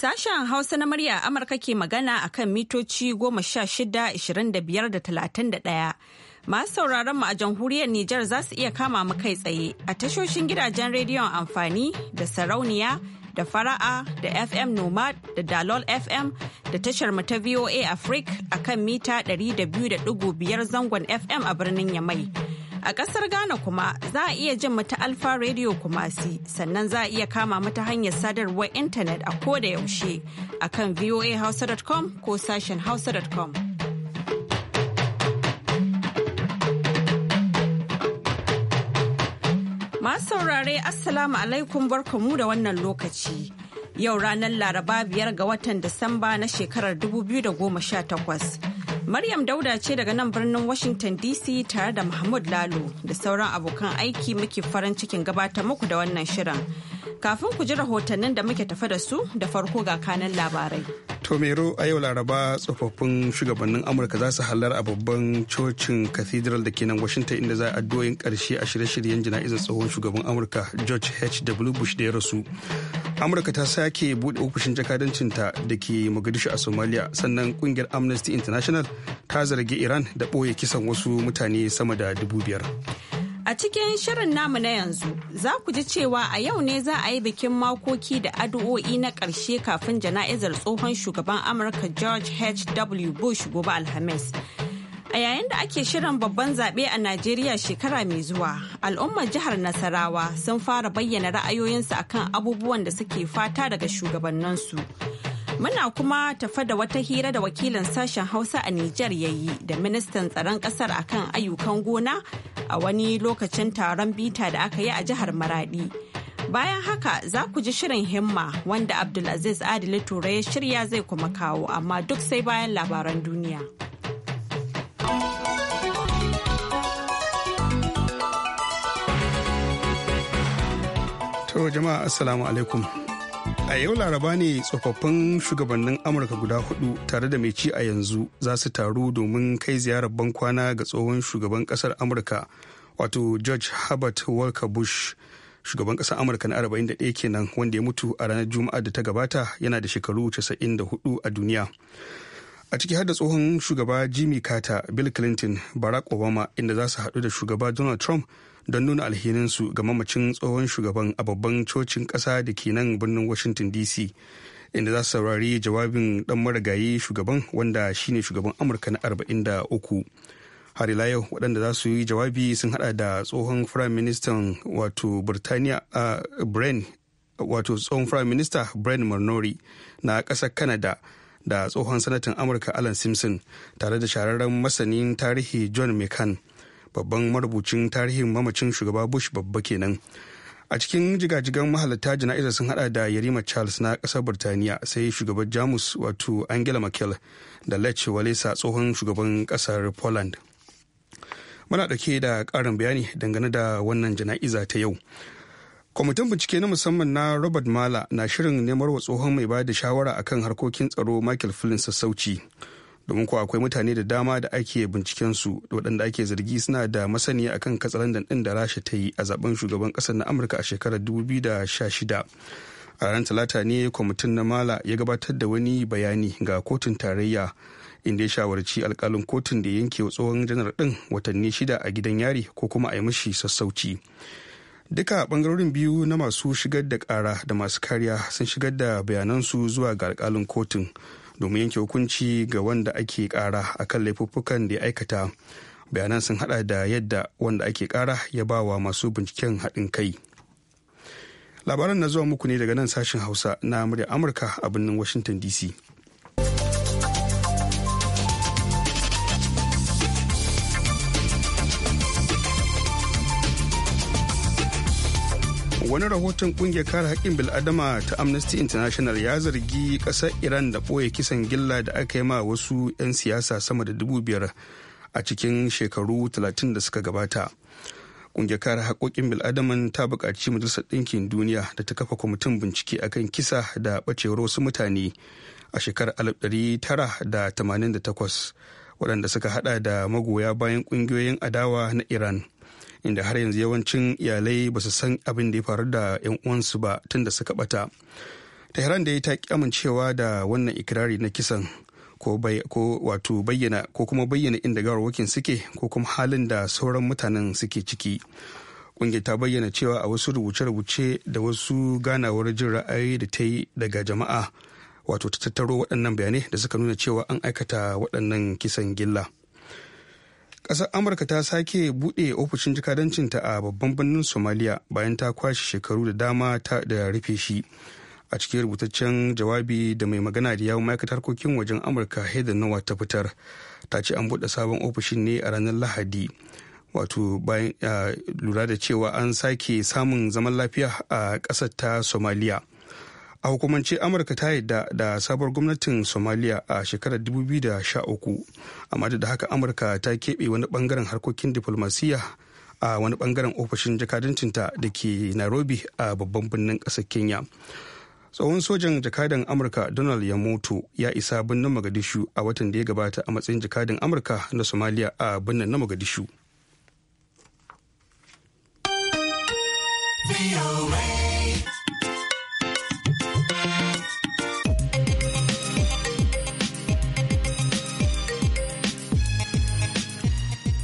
Sashen Hausa na murya Amurka ke magana a kan mitoci goma sha shida, ishirin da biyar da talatin ɗaya. Masu sauraron mu a jamhuriyar Nijar za su iya kama mu kai tsaye a tashoshin gidajen rediyon amfani da sarauniya da fara'a da FM Nomad da Dalol FM da tashar mu ta VOA Africa a kan mita 200.5 zangon FM a birnin Yamai. A ƙasar Ghana kuma za a iya jin mata Alfa Radio Kumasi sannan za a iya kama mata hanyar sadarwar intanet a ko da yaushe a kan voahausa.com ko sashen hausa.com. Masu saurare Assalamu alaikum barkamu da wannan lokaci. Yau ranar Laraba biyar ga watan Disamba na shekarar 2018. Maryam Dauda ce daga nan birnin Washington DC tare da Mahmud Lalo da sauran abokan aiki muke farin cikin gabatar muku da wannan shirin. Kafin ku ji rahotannin da muke tafe da su da farko ga kanan labarai. Tomero a yau Laraba tsofaffin shugabannin Amurka za su halar a babban cocin cathedral da ke nan Washington inda za a addu'o'in karshe a shirye-shiryen jana'izar tsohon shugaban Amurka George H.W. Bush da ya rasu. amurka ta sake bude ofishin jakadancinta da ke mogadishu a somalia sannan kungiyar amnesty international ta zargi iran da ɓoye kisan wasu mutane sama da dubu biyar a cikin shirin namu na yanzu za ku ji cewa a yau ne za a yi bikin makoki da addu'o'i na ƙarshe kafin jana'izar tsohon shugaban amurka george hw bush gobe alhamis A yayin da ake shirin babban zaɓe a Najeriya shekara mai zuwa, al'ummar jihar Nasarawa sun fara bayyana ra'ayoyinsu akan abubuwan da suke fata daga shugabanninsu. Muna kuma tafa da wata hira da wakilin sashen Hausa a Nijar ya yi da ministan tsaron ƙasar akan ayyukan gona a wani lokacin taron bita da aka yi a jihar Maradi. Bayan haka za ku ji shirin himma wanda Abdulaziz Adili Ture ya shirya zai kuma kawo amma duk sai bayan labaran duniya. To jama'a assalamu alaikum. A yau laraba ne tsofaffin shugabannin Amurka guda hudu tare da mai ci a yanzu za su taru domin kai ziyarar bankwana ga tsohon shugaban kasar Amurka wato George Herbert Walker Bush shugaban kasar Amurka na 41 kenan wanda ya mutu a ranar Juma'a da ta gabata yana da shekaru 94 a duniya. a ciki har da tsohon shugaba jimmy carter bill clinton barack obama inda za su haɗu da shugaba donald trump don nuna alhininsu ga mamacin tsohon shugaban a babban cocin ƙasa da ke nan birnin washington dc inda za su saurari jawabin dan marigayi shugaban wanda shine shugaban amurka na 43 har ila yau waɗanda za su yi jawabi sun hada da tsohon prime minister wato birtaniya brain wato tsohon prime minister bren marnori na ƙasar canada da tsohon sanatan amurka alan simpson tare da shararren masanin tarihi john mccann babban marubucin tarihin mamacin shugaba bush babba kenan a cikin jigajigan mahalarta jana'izar sun hada da yarima charles na kasar birtaniya sai shugaban jamus wato angela merkel da lech walesa tsohon shugaban kasar poland muna dauke da karin bayani dangane da wannan jana'iza ta yau kwamitin bincike na musamman na robert mala na shirin nemar wa tsohon mai bada shawara akan harkokin tsaro michael flynn sassauci domin kuwa akwai mutane da dama da ake binciken su waɗanda ake zargi suna da masaniya akan katsalandan ɗin da rasha ta yi a zaben shugaban ƙasar na amurka a shekarar 2016 a ranar talata ne kwamitin na mala ya gabatar da wani bayani ga kotun tarayya inda ya shawarci alkalin kotun da yanke tsohon janar ɗin watanni shida a gidan yari ko kuma a yi mashi sassauci duka bangarorin biyu na masu shigar da kara da masu kariya sun shigar da bayanansu zuwa ga alkalin kotun domin yanke hukunci ga wanda ake kara a kan laifuffukan da ya aikata bayanan sun hada da yadda wanda ake kara ya ba wa masu binciken haɗin kai labaran na zuwa muku ne daga nan sashen hausa na murya amurka a birnin washington dc wani rahoton kungiyar kare haƙƙin bil'adama ta amnesty international ya zargi ƙasar iran da ɓoye kisan gilla da aka yi ma wasu 'yan siyasa sama da dubu biyar a cikin shekaru 30 da suka gabata kungiyar kare haƙƙoƙin bil'adaman ta buƙaci majalisar ɗinkin duniya da ta kafa kwamitin bincike akan kisa da ɓacewar wasu mutane a shekarar 1988 waɗanda suka haɗa da magoya bayan ƙungiyoyin adawa na iran inda har yanzu yawancin iyalai ba su san abin da ya faru da 'yan uwansu ba tun da suka bata tehran da ya ta amincewa da wannan ikirari na kisan ko wato bayyana ko kuma bayyana inda gawarwakin suke ko kuma halin da sauran mutanen suke ciki ƙungiyar ta bayyana cewa a wasu rubuce-rubuce da wasu ganawar jin ra'ayi da ta yi daga jama'a wato ta tattaro waɗannan bayanai da suka nuna cewa an aikata waɗannan kisan gilla. kasar amurka ta sake buɗe ofishin jikadancinta a babban birnin somaliya bayan ta kwashe shekaru da dama ta da rufe shi a cikin rubutaccen jawabi da mai magana da yawon ma'aikatar harkokin wajen amurka heather nawa ta fitar ta ce an buɗe sabon ofishin ne a ranar lahadi wato bayan lura da cewa an sake samun zaman lafiya a ƙasar ta somaliya a hukumance amurka ta yadda da sabuwar gwamnatin Somalia a shekarar 2013 amma da haka amurka ta keɓe wani bangaren harkokin diflomasiyya a wani bangaren ofishin jakadancinta da ke nairobi a babban birnin ƙasar kenya tsohon sojan jakadan amurka donald yamoto ya isa birnin magadishu a watan da ya gabata a matsayin jakadan amurka na Somalia a birnin na magadishu.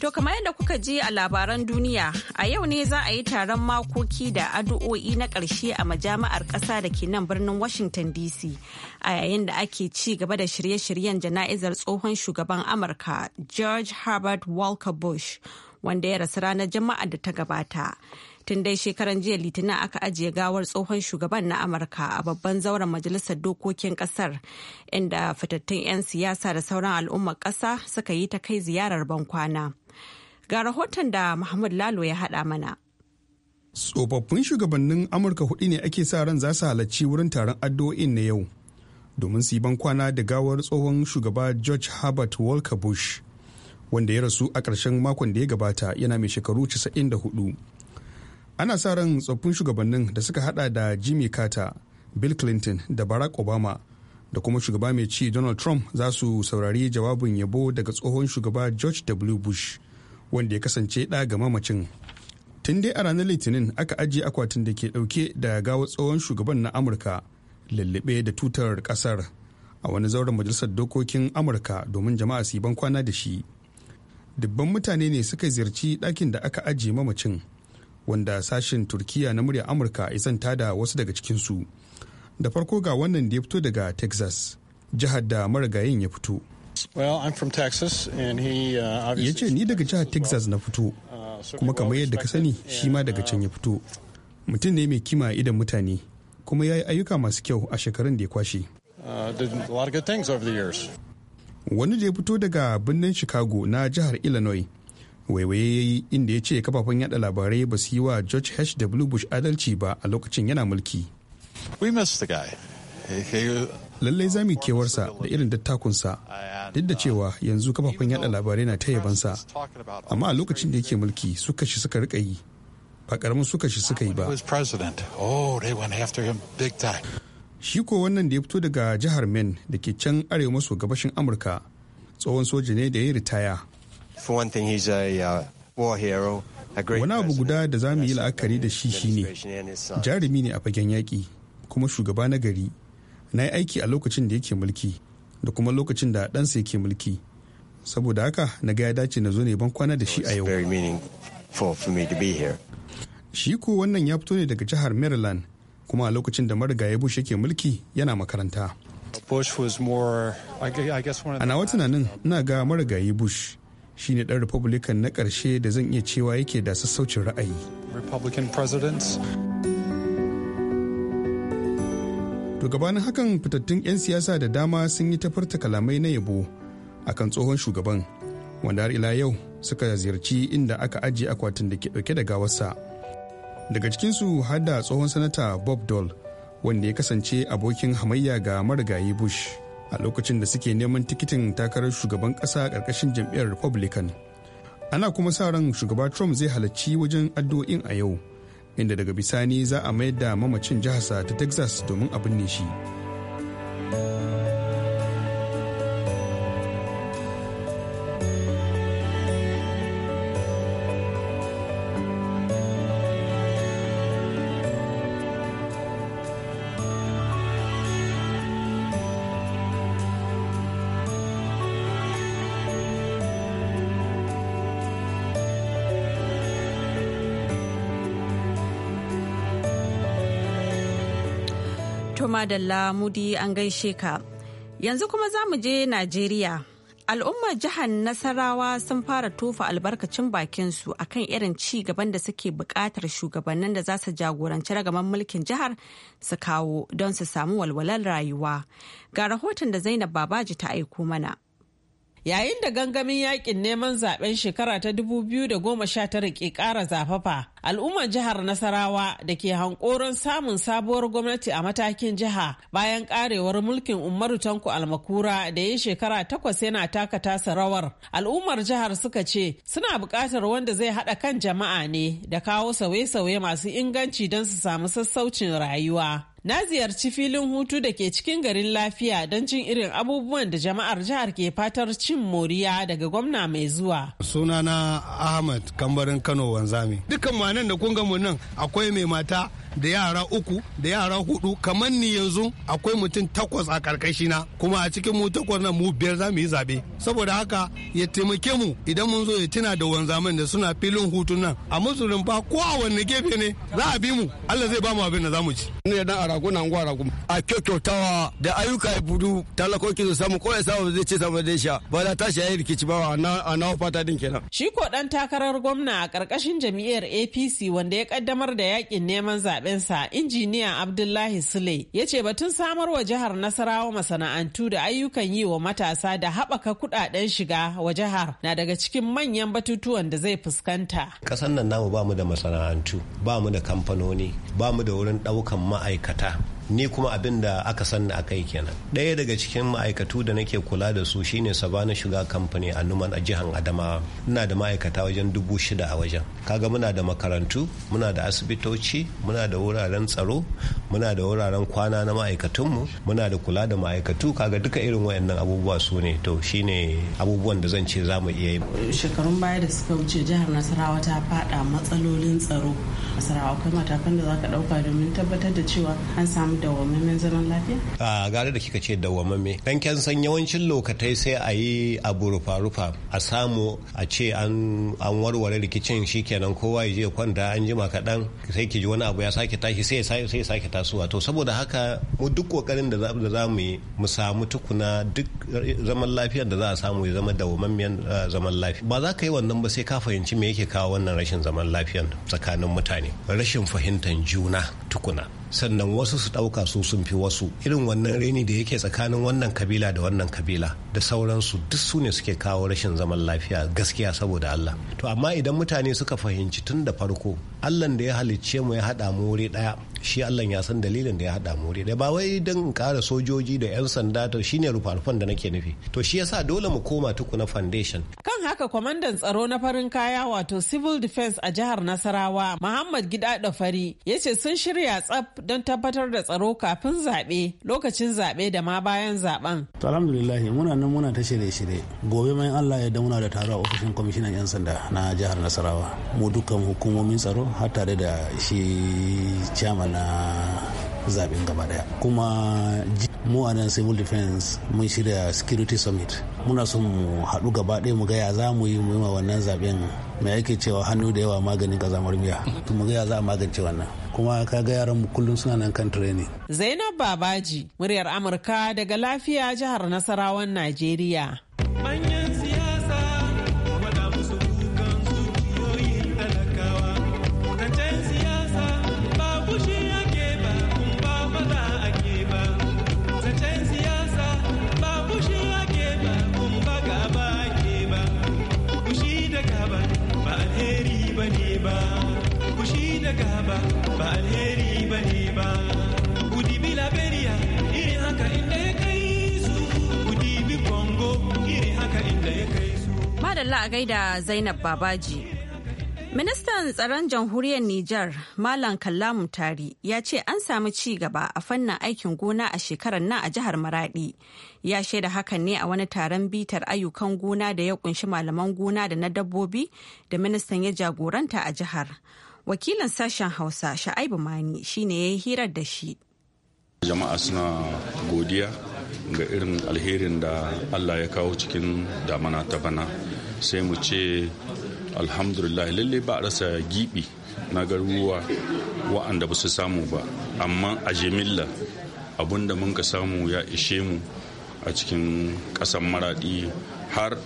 To kamar yadda kuka ji a labaran duniya, a yau ne za a yi taron makoki da addu'o'i na ƙarshe a majami'ar ƙasa da ke nan birnin Washington DC a yayin da ake ci gaba da shirye-shiryen jana'izar tsohon shugaban Amurka George Herbert Walker Bush wanda ya rasu ranar Juma'a da ta gabata. Tun dai shekaran jiya Litinin aka ajiye gawar tsohon shugaban na Amurka a babban zauren majalisar dokokin kasar inda fitattun 'yan siyasa da sauran al'ummar ƙasa suka yi ta kai ziyarar bankwana. Ga rahoton da Muhammad Lalo ya haɗa mana. Tsofaffin shugabannin Amurka hudu ne ake sa ran za su halarci wurin taron addu'o'in na yau. Domin su yi bankwana da gawar tsohon shugaba George Herbert Walker Bush, wanda ya rasu a ƙarshen makon da ya gabata yana mai shekaru 94. Ana sa ran tsoffin shugabannin da suka hada da Jimmy Carter, Bill Clinton da Barack Obama da kuma shugaba mai ci Donald Trump za su saurari jawabin yabo daga tsohon shugaba George W. Bush. wanda ya kasance ɗa ga mamacin tun dai a ranar litinin aka ajiye akwatin da ke ɗauke da gawar tsohon shugaban na amurka lallabe da tutar ƙasar a wani zauren majalisar dokokin amurka domin jama'a su yi ban kwana da shi dubban mutane ne suka ziyarci ɗakin da aka ajiye mamacin wanda sashen turkiya na murya amurka isanta da wasu daga cikinsu da farko ga wannan da ya fito daga texas jihar da marigayin ya fito Scott. Uh, ya ce ni daga jihar Texas na fito, uh, kuma kamar yadda ka sani shi ma daga can ya uh, fito. Mutum ne mai kima idan mutane, kuma ya yi ayyuka masu kyau a shekarun da ya kwashe. Wani da ya fito daga birnin Chicago na jihar Illinois, waiwaye ya yi inda ya ce kafafen yada labarai ba su yi wa George H.W. Bush adalci ba a lokacin yana mulki. lallai za mu kewarsa da irin dattakunsa duk da cewa yanzu kafafen yada labarai na ta yabansa amma a lokacin da yake mulki suka shi suka rika yi ba karamin suka shi suka yi ba oh, shi ko wannan da ya fito daga jihar men da ke can arewa maso gabashin amurka tsohon soja ne da ya ritaya uh, wani abu guda da za mu yi la'akari da shi shine jarumi ne a fagen yaƙi kuma shugaba na gari na yi aiki a lokacin da yake mulki da kuma lokacin da ɗansa yake mulki saboda haka na ga ya dace na zo ne ban kwana da shi a yau shi ko wannan ya fito ne daga jihar maryland kuma a lokacin da marigayi bush yake mulki yana makaranta a nawa tunanin ina ga marigayi bush shi ne ɗan republican na ƙarshe da zan iya cewa yake da sassaucin ra'ayi republican presidents to gabanin hakan fitattun 'yan siyasa da dama sun yi tafarta kalamai na yabo a kan tsohon shugaban wanda har ila yau suka ziyarci inda aka ajiye akwatin da ke dauke da gawarsa daga cikinsu har da tsohon sanata bob dole wanda ya kasance abokin hamayya ga marigayi bush a lokacin da suke neman tikitin takarar shugaban ƙasa ƙarƙashin jam'iyyar republican ana kuma sa ran shugaba trump zai halarci wajen addu'o'in a yau inda daga bisani za a mayar da mamacin jihar ta texas domin abin binne shi To da Lamudi an gaishe ka. Yanzu kuma za mu je Najeriya. Al'ummar jihar Nasarawa sun fara tofa albarkacin bakinsu a kan irin ci gaban da suke buƙatar shugabannin da za su jagoranci ragaman mulkin jihar su kawo don su samu walwalar rayuwa. Ga rahoton da Zainab Babaji ta aiko mana. Yayin da gangamin yakin neman zaben shekara ta 2019 ke ƙara zafafa, al'ummar jihar Nasarawa da ke hankoron samun sabuwar gwamnati a matakin jiha bayan karewar mulkin Umaru Tanko Almakura da ya shekara takwas yana taka tasa rawar. Al'ummar jihar suka ce suna buƙatar wanda zai haɗa kan jama'a ne da kawo sauye-sauye masu inganci don su samu sassaucin rayuwa. Na ziyarci filin hutu da ke cikin garin lafiya don cin irin abubuwan da jama'ar jihar ke fatar cin moriya daga gwamna mai zuwa. Sunana Ahmad Kambarin Kano Wanzami. Dukkan manan da kun mu nan akwai mai mata da yara uku da yara hudu kamar ni yanzu akwai mutum takwas a karkashina kuma a cikin mu takwas na mu biyar za mu yi zabe saboda haka ya taimake mu idan mun zo ya tuna da wanzaman da suna filin hutun nan a musulun ba ko a wanne gefe ne za a bi mu Allah zai ba mu abin da za mu ci ne dan arago na ngwa arago a kyokyotawa da ayyuka budu talakoki su samu ko ya samu zai ci samu da sha ba da tashi yayi rikici ba a nawa fata din kenan shi ko dan takarar gwamna a karkashin jami'ar APC wanda ya kaddamar da yakin neman zaɓe zaɓensa injiniya Abdullahi Sule ya ce batun samar wa jihar Nasarawa masana'antu da ayyukan yi wa matasa da haɓaka kuɗaɗen shiga wa jihar na daga cikin manyan batutuwan da zai fuskanta. Ƙasar nan namu ba mu da masana'antu, ba mu da kamfanoni, ba mu da wurin ɗaukan ma'aikata. ni kuma abin da aka sanna a kai kenan ɗaya daga cikin ma'aikatu da nake kula da su shine sabana shiga kamfani a numan a jihar adamawa ina da ma'aikata wajen dubu shida a wajen kaga muna da makarantu muna da asibitoci muna da wuraren tsaro muna da wuraren kwana na ma'aikatunmu muna da kula da ma'aikatu kaga duka irin wayannan abubuwa su ne to shine abubuwan da zan ce za mu iya yi shekarun baya da suka wuce jihar nasarawa ta fada matsalolin tsaro nasarawa akwai matakan da za ka dauka domin tabbatar da cewa an samu dawwammamen zaman lafiya a gare da kika ce dawwammame dan kyan san yawancin lokatai sai a yi abu rufa-rufa a samu a ce an warware rikicin shikenan kowa ya je kwanta an jima kaɗan sai ki ji wani abu ya sake tashi sai ya sake tashi tasowa to saboda haka mu duk kokarin da za mu yi mu samu tukuna duk zaman lafiyar da za a samu ya zama dawwamammiyan eh, zaman lafiya ba za ka yi wannan ba sai ka fahimci me yake kawo wannan rashin zaman lafiyan tsakanin mutane rashin fahimtar juna tukuna sannan wasu su ɗauka su sun fi wasu irin wannan reni da yake tsakanin wannan kabila da wannan kabila da sauransu duk su ne suke kawo rashin zaman lafiya gaskiya saboda Allah to amma idan mutane suka fahimci tun da farko Allah da ya halicce mu ya haɗa mu wuri ɗaya shi Allah ya san dalilin da ya haɗa mu wuri ɗaya ba wai don ƙara sojoji da 'yan sanda to shine rufa-rufan da nake nufi to shi yasa dole mu koma tukuna foundation kan haka kwamandan tsaro na farin kaya wato civil defense a jihar Nasarawa Muhammad Gida da Fari ya ce sun shirya murya tsaf don tabbatar da tsaro kafin zaɓe lokacin zaɓe da ma bayan zaɓen. To alhamdulillah muna nan muna ta shirye-shirye. Gobe mai Allah ya da muna da taro a ofishin kwamishinan 'yan sanda na jihar Nasarawa. Mu dukkan hukumomin tsaro har tare da shi chairman na zaɓen gaba daya. Kuma mu a nan civil defense mun shirya security summit muna son mu haɗu gaba ɗaya mu gaya za mu yi mu wannan zaɓen mai ake cewa hannu da yawa maganin kazamar miya mu gaya za a magance wannan kuma ga yaran mu kullum suna nan kan training Zainab Babaji muryar Amurka daga lafiya jihar Nasarawan Najeriya madalla a gaida Zainab Babaji. Ministan tsaron jamhuriyar Nijar, Malam Kallamu Tari, ya ce an samu ci gaba a fannin aikin gona a shekarar nan a jihar Maradi. Ya shaida hakan ne a wani taron bitar ayyukan gona da ya kunshi malaman gona da na dabbobi da ministan ya jagoranta a jihar. Wakilin sashen Hausa, Sha'aibu Mani, shine ya yi hirar da shi. Jama'a suna godiya ga irin alherin da Allah ya kawo cikin damana ta bana. sai mu ce alhamdulillah lalle ba a rasa gibi na garuruwa wa'anda ba su samu ba amma a jimilla abinda mun ka samu ya ishe mu a cikin ƙasan maraɗi har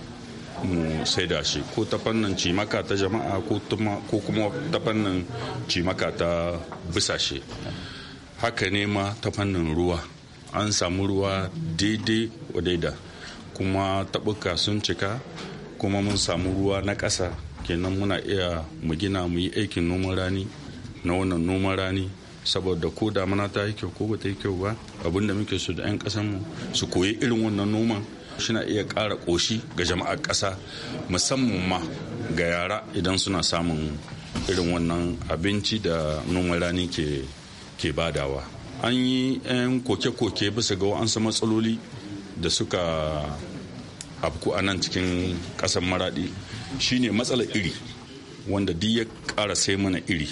mu saida shi ko ta fannin cimaka ta jama'a ko kuma ta fannin cimaka ta bisashe haka ne ma ta fannin ruwa an samu ruwa daidai wadaida kuma taɓuka sun cika kuma mun samu ruwa na ƙasa kenan muna iya mu gina mu yi aikin noman rani na wannan noman rani saboda ko damana ta yi kyau ko ba ta yi kyau ba abinda muke so da 'yan mu su koyi irin wannan noman suna iya ƙara ƙoshi ga jama'ar ƙasa musamman ma ga yara idan suna samun irin wannan abinci da noman rani ke, ke badawa an yi 'yan koke-koke bisa ga wa'ansu matsaloli da suka afku a nan cikin ƙasar maraɗi shine matsalar iri wanda duk ya ƙara sai mana iri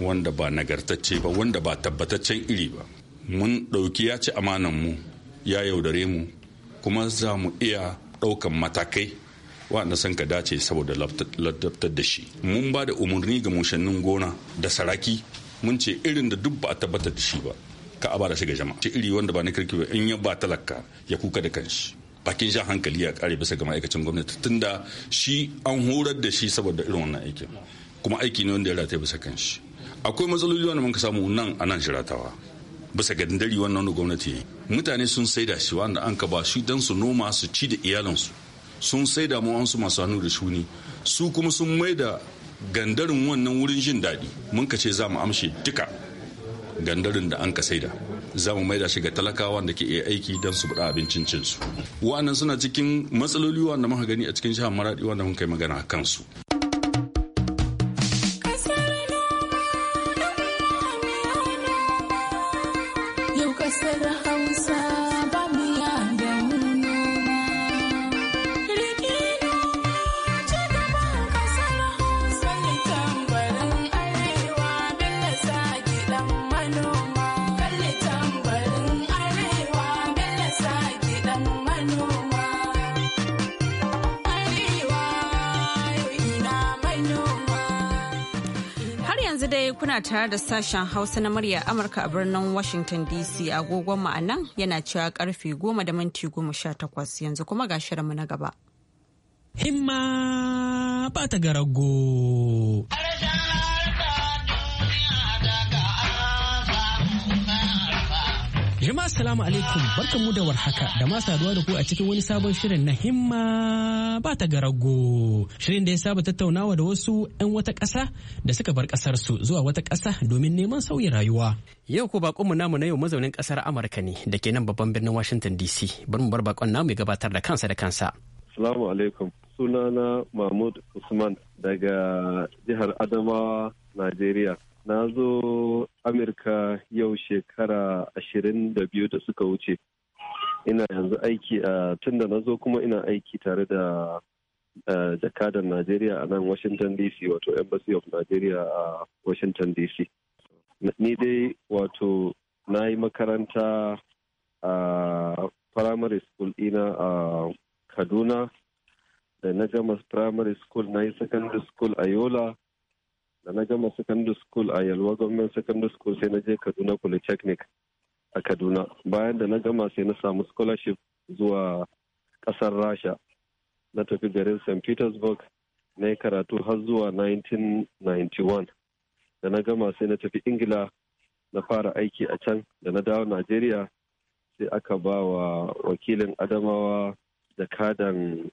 wanda ba nagartacce ba wanda ba tabbataccen iri ba mun ɗauki ya ci amanan mu ya yaudare mu kuma za mu iya ɗaukan matakai waɗanda san ka dace saboda ladabtar da shi mun ba da umarni ga mushannin gona da saraki mun ce irin da duk ba a tabbatar da shi ba ka a ba da shi ga jama'a iri wanda ba na kirki ba in ya ba talaka ya kuka da kanshi bakin jan hankali ya kare bisa ga ma'aikacin gwamnati tunda shi an horar da shi saboda irin wannan aikin kuma aiki ne wanda ya rataye bisa kan shi akwai matsaloli wanda ka samu nan a nan shiratawa bisa ga dindari wannan wani gwamnati ne. mutane sun saida shi wanda an ka ba shi dan su noma su ci da iyalansu sun saida mu wasu masu hannu da shuni su kuma sun maida gandarin wannan wurin jin daɗi mun ka ce za mu amshe duka gandarin da an ka saida za mu maida shi ga talakawa da ke iya aiki don su buɗa abincin cinsu. Wa'annan suna cikin matsaloli wanda muka gani a cikin jihar maraɗi, wanda mun kai magana a kansu. dai kuna tare da sashen Hausa na murya Amurka a birnin Washington DC agogon a nan yana cewa karfe goma da minti goma sha takwas yanzu kuma ga shirinmu na gaba. Himma ba ta garago. Jama'a salamu alaikum barkanmu da warhaka da ma saduwa da ku a cikin wani sabon shirin na himma ba ta garago. Shirin da ya saba tattaunawa da wasu 'yan wata ƙasa da suka bar ƙasar su zuwa wata ƙasa domin neman sauyi rayuwa. Yau ko mu namu na yau mazaunin ƙasar Amurka ne da ke nan babban birnin Washington DC. Bari mu bar bakon namu ya gabatar da kansa da kansa. Salamu alaikum. Sunana Mahmud Usman daga jihar Adamawa, Najeriya. na zo amurka yau shekara ashirin da biyu da suka wuce ina yanzu aiki a tun da na zo kuma ina aiki tare da jakadar najeriya a nan washington dc wato embassy of nigeria a washington dc ni dai wato na yi makaranta a primary school ina a kaduna da na gama primary school na yi secondary school a yola da na gama secondary school a yalwa government secondary school sai na je kaduna polytechnic a kaduna bayan da na gama sai na samu scholarship zuwa kasar rasha na tafi garin st petersburg na yi karatu har zuwa 1991 da na gama sai na tafi ingila na fara aiki a can da na dawo nigeria sai aka ba wa wakilin adamawa da kadan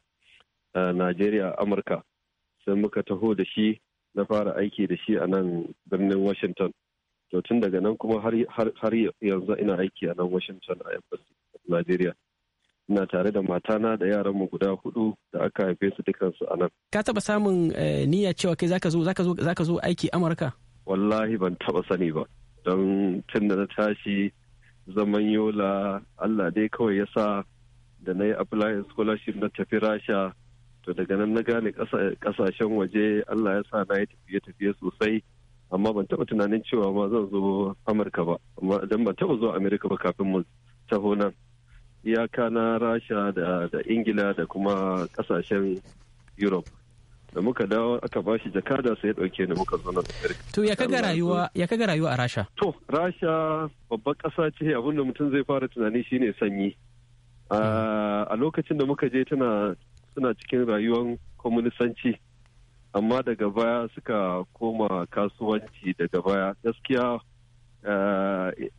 eh, nigeria amurka sai muka taho da shi na fara aiki da shi a nan birnin washington to tun daga nan kuma har yanzu ina aiki a nan washington a embassy nigeria ina tare da matana da yaranmu guda hudu da aka haife su dukansu a nan ka taba samun eh, niyya cewa kai zaka zo zaka zo zaka zo aiki amurka wallahi ban taba sani ba don tun da na tashi zaman yola allah dai kawai ya sa da na yi applying scholarship na tafi rasha to daga nan na gane kasashen waje allah ya sa na yi tafiye-tafiye sosai amma ban taɓa tunanin cewa ma zan zo amurka ba amma idan ban taɓa zuwa amurka ba kafin mu taho nan iyaka na rasha da ingila da kuma kasashen europe da muka dawo aka bashi jakada sai ya dauke ni muka zo nan to ya kaga rayuwa ya kaga rayuwa a rasha to rasha babbar kasa ce abinda mutum zai fara tunani shine sanyi hmm. ah, a lokacin da muka je tana suna cikin rayuwar kwamunisanci amma daga baya suka koma kasuwanci daga baya gaskiya eh,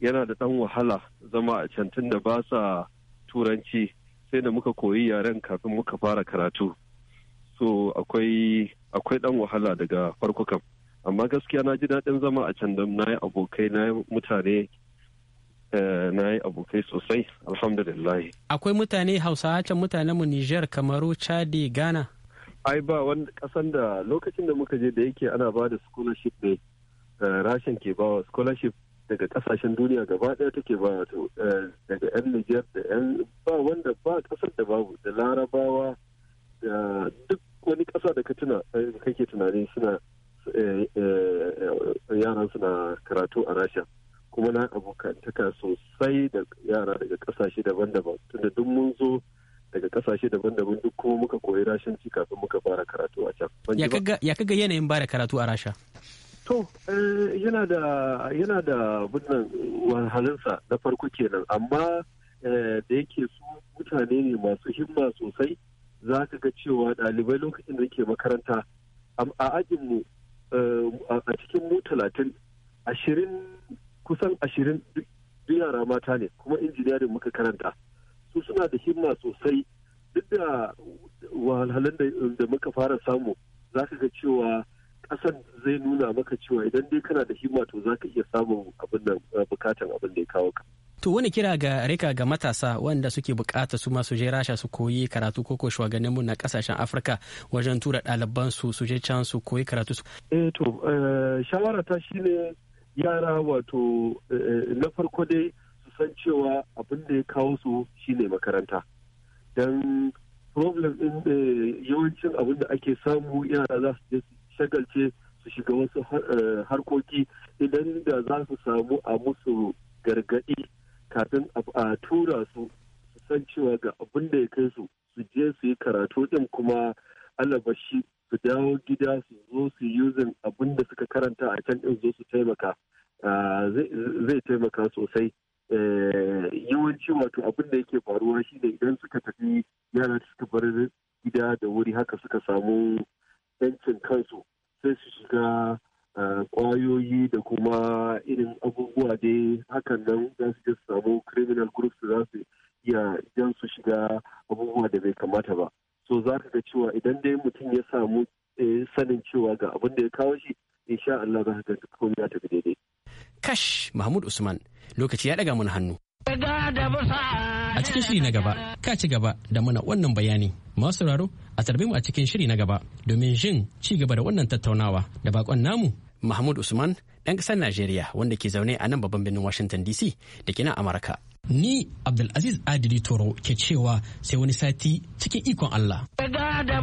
yana da ɗan wahala zama a can da ba sa turanci sai da muka koyi yaren kafin muka fara karatu so akwai ɗan wahala daga farko kam amma gaskiya na ji daɗin zama a can da na yi abokai na mutane Eh, na yi abokai sosai alhamdulillah akwai mutane hausawa can mutanen mu niger kamaru chadi ghana ai ba wani kasan da lokacin da muka je da yake ana ba da scholarship ne eh, rashin ke bawa scholarship daga kasashen duniya gaba daya take ba to eh, daga yan niger da yan ba wanda ba kasar da babu da larabawa da duk wani kasa da ka tuna kake tunani suna yaran suna karatu a rasha kuma na abokantaka sosai da yara daga kasashe daban-daban tunda duk mun zo daga kasashe daban-daban duk kuma muka koyi rashin ci kafin muka fara karatu a can. Ya kaga yanayin bada karatu a rasha? To, eh, yana da yana da wahalinsa na farko kenan amma eh, da yake su mutane ne masu himma sosai za ka ga cewa ɗalibai lokacin da ke makaranta a ajinmu eh, a cikin mu talatin ashirin kusan ashirin duk yara mata ne kuma injiniyarin muka karanta su suna da himma sosai duk da wahalhalun da muka fara samu za ka ga cewa ƙasan zai nuna maka cewa idan dai kana da himma to za ka iya samun abin nan eh, bukatan abin da ya kawo ka. To wani kira ga rika ga matasa wanda suke bukata su masu je rasha su koyi karatu ko ko mu na kasashen Afirka wajen tura ɗaliban su su je can su koyi karatu. Eh to eh, shawara ta shine yara wato eh, eh, na farko dai su san cewa abin da ya kawo su shine makaranta don problem ɗin eh, yawancin abin da ake samu yara za su shagalce su shiga wasu harkoki idan da za su samu a musu gargaɗi kafin a tura su su san cewa ga abin da ya kai su su je su yi karatu din kuma alabashi su dawo gida su zo su yi abin da suka karanta a can ɗin zo su taimaka Ah, zai taimaka sosai eh, yawanci wato abin da yake faruwa shine idan suka tafi yara suka bar gida da wuri haka suka samu yancin kansu sai su shiga kwayoyi ah, da kuma irin abubuwa dai hakan nan za su su samu criminal groups za su iya jan su shiga abubuwa da bai kamata ba so za ka ga cewa idan dai mutum ya samu eh, sanin cewa ga abin da ya kawo shi insha Allah za ka ga komai ya tafi daidai kash mahmud usman lokaci ya daga mana hannu a cikin shiri na gaba ka ci gaba da mana wannan bayani masu sauraro a tarbi mu a cikin shiri na gaba domin jin ci gaba da wannan tattaunawa da bakon namu mahmud usman ɗan ƙasar najeriya wanda ke zaune a nan babban birnin washington dc da ke nan amurka ni abdulaziz adili toro ke cewa sai wani sati cikin ikon allah da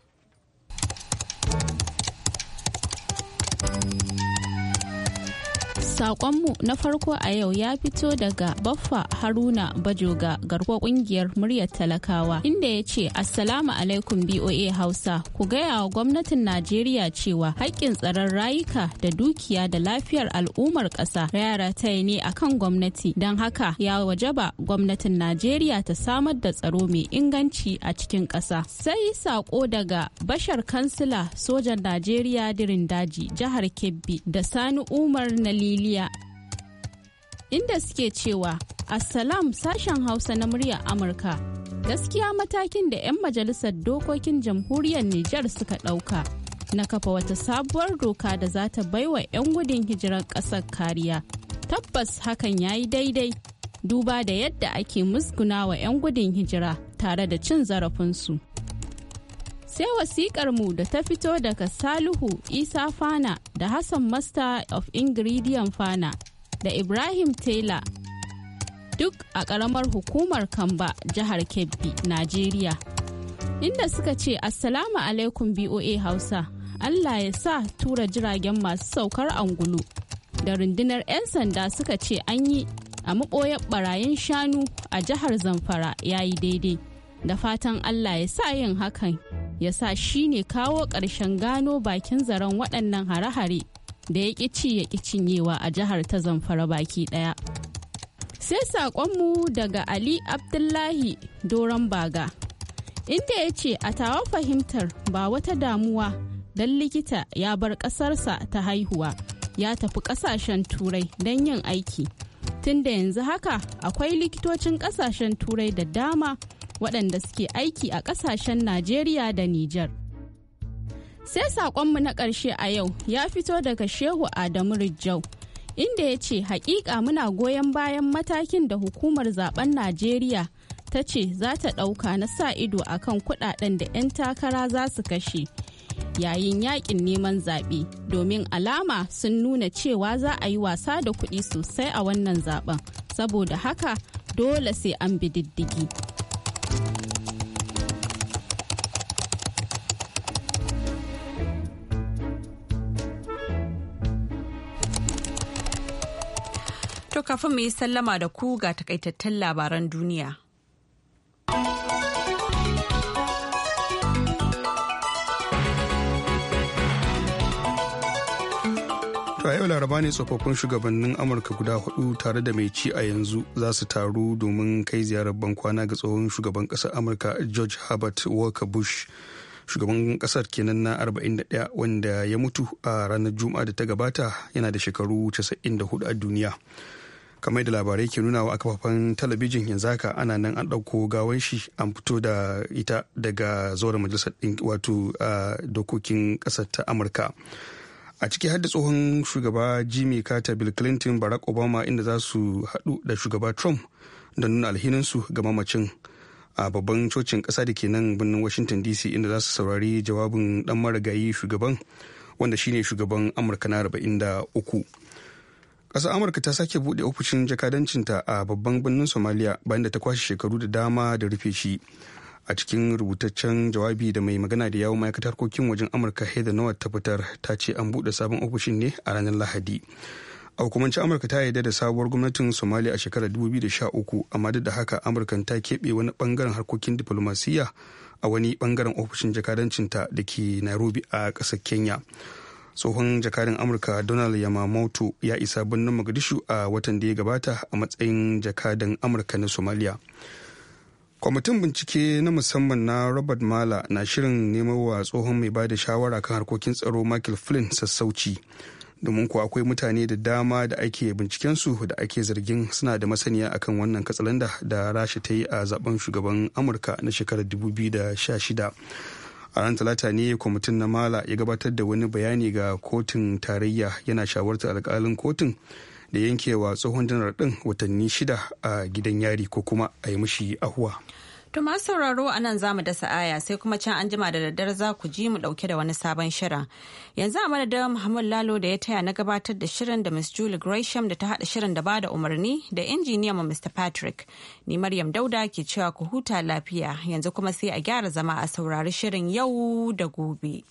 Sakonmu na farko a yau ya fito daga Baffa Haruna Bajoga garko kungiyar muryar talakawa inda ya ce Assalamu alaikum BOA Hausa ku gaya wa gwamnatin Najeriya cewa haƙƙin tsaron rayuka da dukiya da lafiyar al'ummar ƙasa yara ta yi ne akan gwamnati don haka ya wajaba gwamnatin Najeriya ta samar da tsaro mai inganci a cikin ƙasa. Sai sako daga Bashar Kansila sojan Najeriya dirin daji jihar Kebbi da Sani Umar Nalili Inda suke cewa, Assalam sashen Hausa na muryar Amurka. Gaskiya matakin da 'yan majalisar dokokin jamhuriyar Nijar suka ɗauka na kafa wata sabuwar doka da za ta baiwa 'yan gudun hijirar ƙasar kariya. Tabbas hakan ya yi daidai duba da yadda ake musguna wa 'yan gudun hijira tare da cin zarafinsu. sai wasikar mu da ta fito daga salihu isa fana da hassan master of ingredient fana da ibrahim taylor duk a ƙaramar hukumar kamba jihar kebbi najeriya inda suka ce assalamu alaikum boa hausa allah ya sa tura jiragen masu saukar angulu da rundunar 'yan sanda suka ce an yi a maɓoyar ɓarayin shanu a jihar zamfara ya yi daidai da fatan allah ya sa yin hakan ya sa shi ne kawo ƙarshen gano bakin zaren waɗannan hare-hare da ya ƙi ci ya ƙi cinyewa a jihar ta zamfara baki ɗaya. sai saƙonmu daga ali abdullahi doron baga inda ya ce a tawa fahimtar ba wata damuwa don likita ya bar ƙasarsa ta haihuwa ya tafi ƙasashen turai don yin aiki tunda yanzu haka akwai likitocin ƙasashen turai da dama waɗanda suke aiki a ƙasashen Najeriya da Nijar. Sai saƙonmu na ƙarshe a yau ya fito daga Shehu Adamu Rijjau, Inda ya ce, haƙiƙa muna goyon bayan matakin da hukumar zaben Najeriya ta ce za ta ɗauka na sa ido a kan kuɗaɗen da 'yan takara za su kashe yayin yakin neman zaɓe domin alama sun nuna cewa za a yi wasa da kuɗi sosai a wannan zaben saboda haka dole sai an bi diddigi kafin mu yi sallama da ku ga takaitattun labaran duniya. a yau laraba ne tsofaffin shugabannin amurka guda hudu tare da mai ci a yanzu za su taru domin kai ziyarar bankwana ga tsohon shugaban kasar amurka george herbert walker bush shugaban kasar kenan na 41 wanda ya mutu a ranar juma'a da ta gabata yana da shekaru 94 a duniya. kamar da labarai ke nunawa a kafafen talabijin yanzu haka ana nan an ɗauko gawan shi an fito da ita daga zauren majalisar wato dokokin ƙasar ta amurka a ciki hadda tsohon shugaba jimmy carter bill clinton barack obama inda za su haɗu da shugaba trump da nuna alhininsu ga mamacin a babban cocin ƙasa da ke nan birnin washington dc inda za su saurari jawabin ɗan marigayi shugaban wanda shine shugaban amurka na 43 kasar amurka ta sake buɗe ofishin jakadancinta a babban birnin somaliya bayan da ta kwashe shekaru da dama da rufe shi a cikin rubutaccen jawabi da mai magana da yawon ma'aikatar harkokin wajen amurka heather nowat ta fitar ta ce an buɗe sabon ofishin ne a ranar lahadi a hukumance amurka ta yarda da sabuwar gwamnatin somalia a shekarar 2013 amma duk da haka amurka ta keɓe wani bangaren harkokin diflomasiyya a wani bangaren ofishin jakadancinta da ke nairobi a ƙasar kenya tsohon jakadan amurka donald yamamoto ya isa birnin mogadishu a watan da ya gabata a matsayin jakadan amurka na somalia kwamitin bincike na musamman na robert mala na shirin neman wa tsohon mai bada shawara kan harkokin tsaro michael flynn sassauci domin kuwa akwai mutane da dama da ake bincikensu da ake zargin suna da masaniya akan wannan katsalanda da rasha ta yi a zaben shugaban amurka na shekarar 2016 a ran talata ne kwamitin na mala ya gabatar da wani bayani ga kotun tarayya yana shawartar alkalin kotun da yankewa tsohon janar din watanni shida a gidan yari ko kuma a yi mishi ahuwa. To masu sauraro a nan zamu dasa aya sai kuma can an jima da daddare za ku ji mu dauke da wani sabon shirin. Yanzu a madadin Muhammad Lalo da ya taya na gabatar da shirin da Miss Julie Gresham da ta haɗa shirin da bada umarni da injiniya mu Mr. Patrick. Ni Maryam Dauda ke cewa ku huta lafiya yanzu kuma sai a gyara zama a saurari shirin yau da gobe.